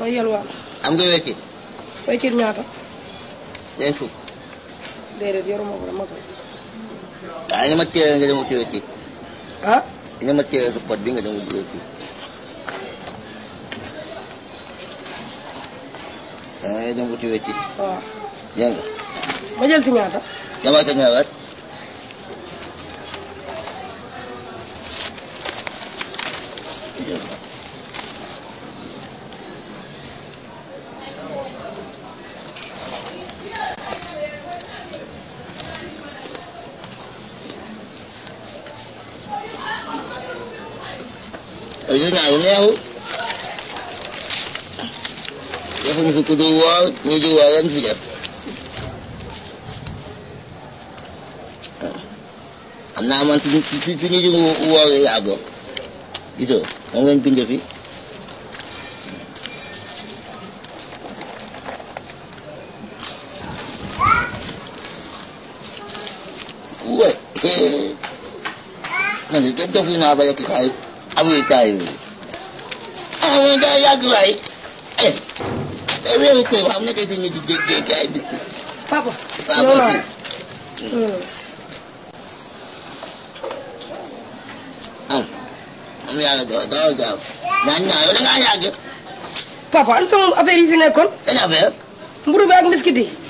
mooy yalwaan. am nga wéccit. wéccit ñaata. ñeent fukk. déedéet yoruma ko dama ko. ah ñu ma nga dem wuti wéccit. ah. ñu ma téye bi nga dem wuti wéccit. da ah, ngay dem wuti wéccit. waaw. dégg nga. ma jël si ñaata. dama ko ñëwaat. Yeah. Ayo naon ya aku. Ya pun suku dua, ni jualan siap. Naman sini sini sini juga uang ya abok. Gitu, orang pinjam sih. Uwe. Nanti tetap ini apa ya kita papa, papa, papa, hmm. ah, ya papa, papa, papa, papa, papa, papa, papa, papa, papa, papa, papa, papa, papa, Papa. Papa. papa, papa, papa, papa, papa, papa, papa, papa, papa, papa, papa, Papa, papa, papa, papa, papa, papa, papa, papa, papa, papa, papa, papa, papa, papa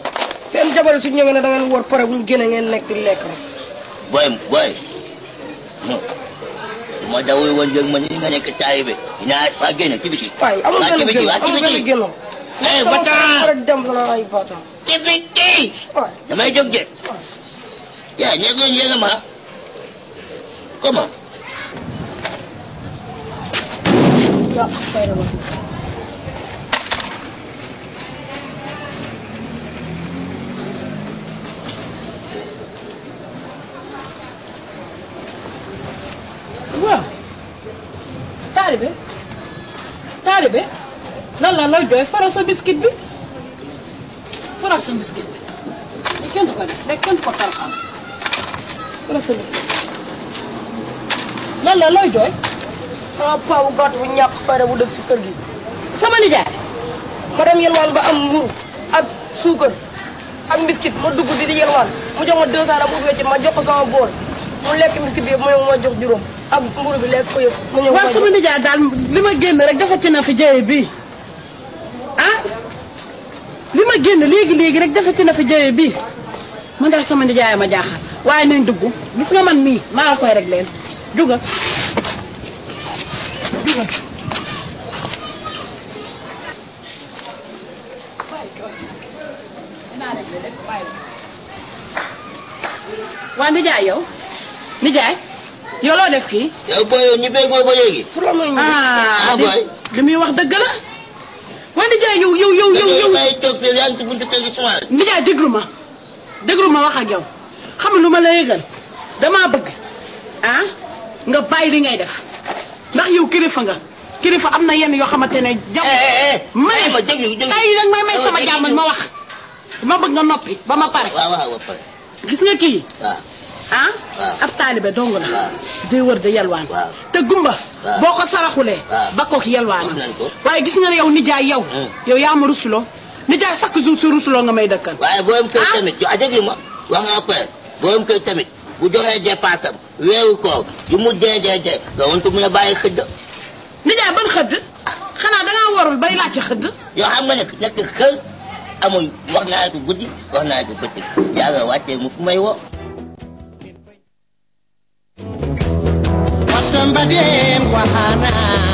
jabar su ñëwee ne da ngeen war pare bu ñu génnee ngeen nekk di lekk rek. booy booy non ma dawul woon jóg man ni nga nekk taay bi dinaa waa génn ci biti. waay amul benn génn amul benn génn. eh bata ci biti damay jóg de. ma comment. taalibe lan la looy jooy foro sa biscuit bi foro sa biscuit bi li kenn ko def léegi kenn ko toroxal sa biscuit lan la looy jooy. sama paa bu gàtt bu ñàkk fayda bu dëkk si kër gi. sama nijaay ma dem yelwaan ba am mburu ak suukar ak biscuit ma dugg bi di yelwaan mu jox ma 200 la mu wecc ma jox ko sama bool mu lekk biscuit bi ma yow ma jox juróom. ab mburu bi lekk sama nijaay daal li ma génn rek defati na fi jëye bi ah li ma génn léegi léegi rek defati na fi jëye bi man daal sama nijaay ma jaaxal waaye nañ dugg gis nga man mi maa la koy rek leen dugal dugal. waa nijaay yow nijaay. yow loo def kii yow booy yow ñibbee ba léegi pour la ah, ah, ah, muy wax dëgg la waa nijaay yow yow yow yow yow ngay toog ci buntu ma ma wax ak yow xam lu ma la dama bëgg ah nga bàyyi li ngay def ndax yow kilifa nga kilifa am na yenn yoo xamante ne jàmm eh, eh, eh. ma may may sama jàmm ma wax ma bëgg nga noppi ba ma pare gis nga kii ah ab taalibe dong la day wër di yalwaan te gumba boo ko saraxulee ba kook yalwaanam waaye gis nga ne yow nijaay yow yow yaa ma rusuloo nijaay chaque jour si rusuloo nga may dëkkal waaye booyam kër tamit jo ajegi ma wax nga après booyam kër tamit bu joxee dépense am weeru koor yu mu dee dee dee nga wantu mun a bàyyi xëdd nijaay ban xëdd xanaa dangaa warul bay laaj xëdd yow xam nga nekk nekk kër amul wax naa ko guddi wax naa ko bëccëg yàlla wàccee mu fu may woo Somebody, Guahana.